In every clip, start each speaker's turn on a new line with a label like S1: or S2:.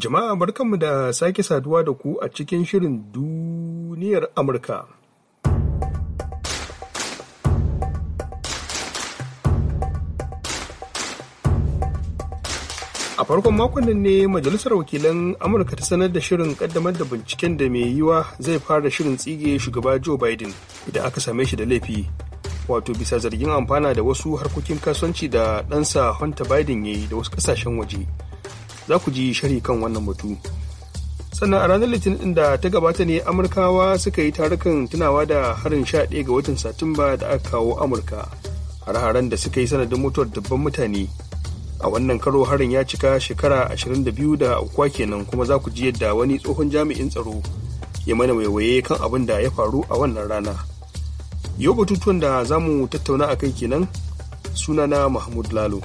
S1: Jama'a barkanmu da sake saduwa da ku a cikin shirin duniyar Amurka. A farkon makon nan ne Majalisar Wakilan Amurka ta sanar da shirin kaddamar da binciken da mai yiwa zai fara shirin tsige shugaba Joe Biden idan aka same shi da laifi. Wato bisa zargin amfana da wasu harkokin kasuwanci da ɗansa Hunter Biden ya yi da wasu ƙasashen waje. za ku ji shari kan wannan batu sannan a ranar litinin da ta gabata ne amurkawa suka yi tarukan tunawa da harin 11 ga watan satumba da aka kawo amurka har-haren da suka yi sanadin mutuwar dabban mutane a wannan karo harin ya cika shekara 22 da biyu da ukuwa kenan kuma za ku ji yadda wani tsohon jami'in tsaro ya mana waiwaye kan abin da ya faru a wannan rana yau batutuwan da za mu tattauna a kai kenan sunana mahmud lalo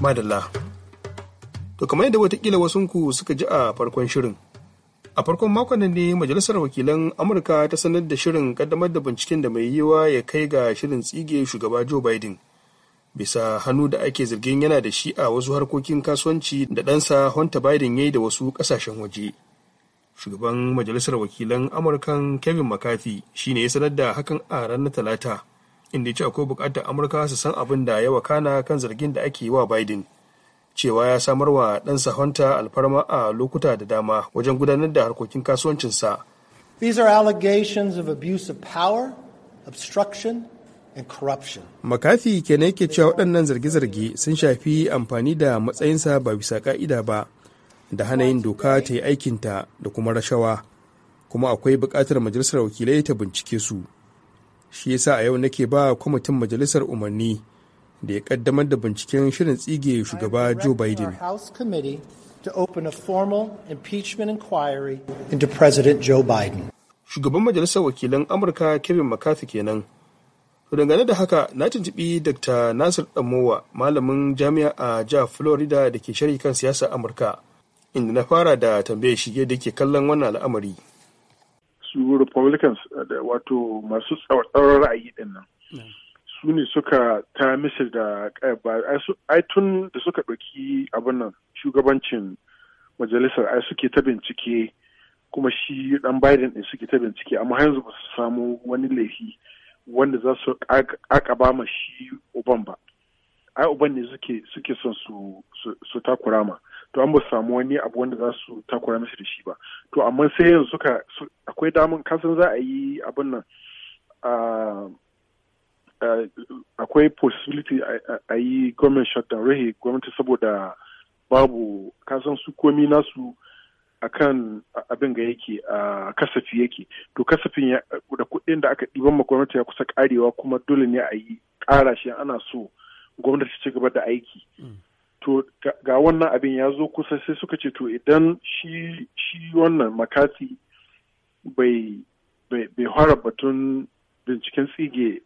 S1: madalla to kamar yadda watakila wasunku suka ji a farkon shirin a farkon makon nan ne majalisar wakilan amurka ta sanar da shirin kaddamar da binciken da mai yiwa ya kai ga shirin tsige shugaba joe biden bisa hannu da ake zargin yana da shi a wasu harkokin kasuwanci da ɗansa hunter biden ya yi da wasu ƙasashen waje shugaban majalisar wakilan amurkan kevin mccarthy shi ne ya sanar da hakan a ranar talata inda ya ce akwai bukatar amurka su san abin da ya wakana kan zargin da ake yi wa biden cewa ya samar wa ɗansa hunter alfarma a lokuta da dama wajen gudanar da harkokin kasuwancinsa these are allegations of abuse of power obstruction makafi kenan yake cewa waɗannan zarge-zarge sun shafi amfani da matsayinsa ba bisa ƙa'ida ba da hanayin doka ta yi aikinta da kuma rashawa kuma akwai buƙatar majalisar wakilai ta bincike su shi yasa a yau nake ba kwamitin majalisar umarni da ya kaddamar da binciken shirin tsige shugaba joe biden shugaban majalisar wakilan amurka kevin mccarthy kenan to dangane da haka na tuntubi dr nasir damowa malamin jami'a a jihar florida da ke shari kan siyasar amurka inda na fara da tambaye shige da ke kallon wannan al'amari
S2: su republicans eh, da wato masu tsawon ra'ayi din nan hmm. su ne suka ta misil da eh, ai tun da suka ɗauki abin nan shugabancin majalisar ai suke ta bincike kuma shi dan biden din suke ta bincike amma yanzu ba su samu wani laifi wanda za su akaba ma shi uban ba ai uban ne suke suke son su su takura ma to an ba samu wani abu wanda za su takura mishi da shi ba to amma sai yanzu suka akwai damun kasan za a yi abin nan akwai possibility a yi government shutdown rahe gwamnati saboda babu kasan su komi nasu akan abin ga yake a kasafi yake to kasafin da kudin da aka ɗiban ma gwamnati ya kusa karewa kuma dole ne a yi ƙara shi ana so gwamnati ci gaba da aiki mm. to ga wannan abin ya zo kusa sai suka ce to idan shi wannan makati bai bai fara batun binciken tsige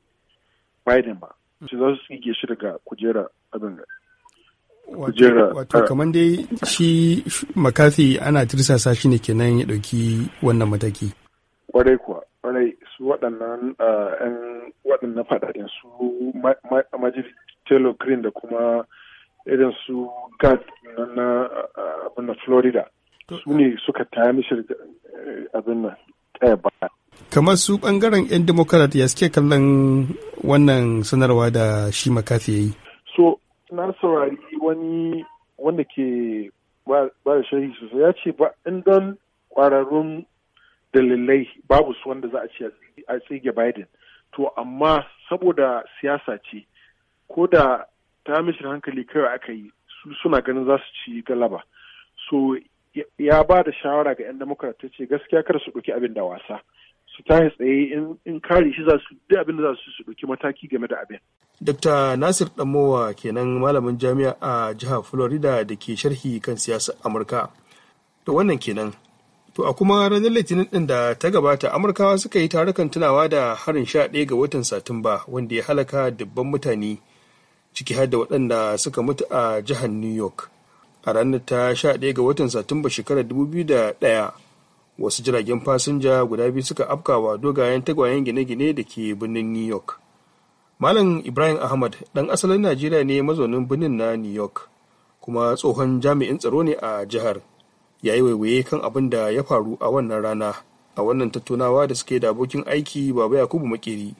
S2: Biden ba. Hmm. Shi za su tsige shi daga kujera abin uh, Wato kamar
S1: dai shi makafi ana tirsasa shi ne kenan ya ɗauki wannan mataki.
S2: Kwarai kuwa, kwarai su waɗannan ‘yan uh, waɗannan faɗaɗin su Majid Taylor Green da kuma irin su Gad na uh, Florida. su ne suka taya eh, abin nan ɗaya
S1: Kamar su ɓangaren 'yan Democrat ya suke kallon wannan sanarwa da shi makafi ya yi.
S2: So, na saurari wani wanda ke ba da sharhi sosai ya ce ba in don kwararrun dalilai babu su wanda za a ce a tsige Biden. To, amma saboda siyasa ce, ko da ta hankali kawai aka yi su suna ganin za su ci galaba. So, ya ba da shawara ga 'yan democrat ta ce gaskiya kar su ɗauki abin da wasa su tashi tsaye in kare shi za su duk abin da za su su ɗauki mataki
S1: game da abin. Dr. Nasir Damowa kenan malamin jami'a a jihar Florida da ke sharhi kan siyasar Amurka. Da wannan kenan. To a kuma ranar Litinin ɗin da ta gabata Amurkawa suka yi tarukan tunawa da harin sha ɗaya ga watan Satumba wanda ya halaka dubban mutane ciki har da waɗanda suka mutu a jihar New York. a ranar ta 11 ga watan satumba shekarar ɗaya, wasu jiragen fasinja guda biyu suka afkawa dogayen tagwayen gine-gine da ke birnin new york malam ibrahim ahmad ɗan asalin najeriya ne mazaunin birnin na new york kuma tsohon jami'in tsaro ne a jihar ya yi waiwaye kan abin da ya faru a wannan rana a wannan tattaunawa da suke da abokin aiki baba yakubu makeri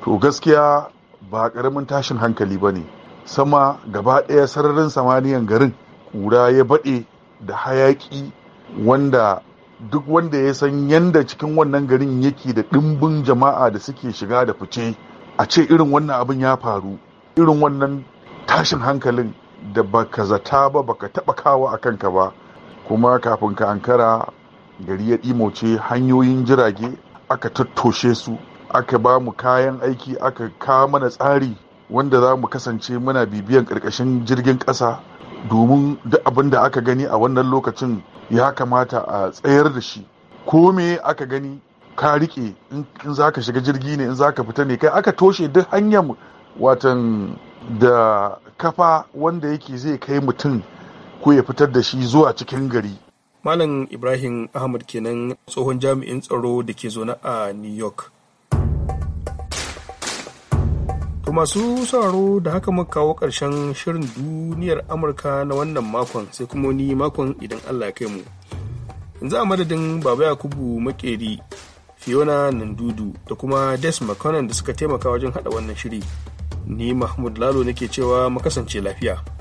S3: to gaskiya ba karamin tashin hankali ba ne sama gaba ɗaya sararin samaniyan garin Kura ya baɗe da hayaƙi wanda duk wanda ya san yanda cikin wannan garin yake da ɗimbin jama'a da suke shiga da fice a ce irin wannan abin ya faru irin wannan tashin hankalin da baka zata ba baka taɓa kawo a kanka ba kuma kafin ka ankara gari ya ɗimoce hanyoyin jirage aka tattoshe su aka ba mu kayan aiki aka kawo mana tsari wanda za mu kasance muna bibiyan ƙarƙashin jirgin ƙasa domin duk abin da aka gani a wannan lokacin ya kamata a tsayar da shi ko me aka gani ka rike in za ka shiga jirgi ne in za ka fita ne kai aka toshe duk hanyar watan da kafa wanda yake zai kai mutum ko ya fitar da shi zuwa cikin gari
S1: malam ibrahim ahmad kenan tsohon jami'in tsaro da ke zaune a new york To masu sauraro da haka muka kawo ƙarshen shirin duniyar Amurka na wannan makon sai kuma wani makon idan Allah ya kai mu. za a madadin Baba Yakubu Makeri, Fiona Nandudu da kuma Des McConnell da suka taimaka wajen haɗa wannan shiri. Ni Mahmud Lalo nake cewa mu kasance lafiya.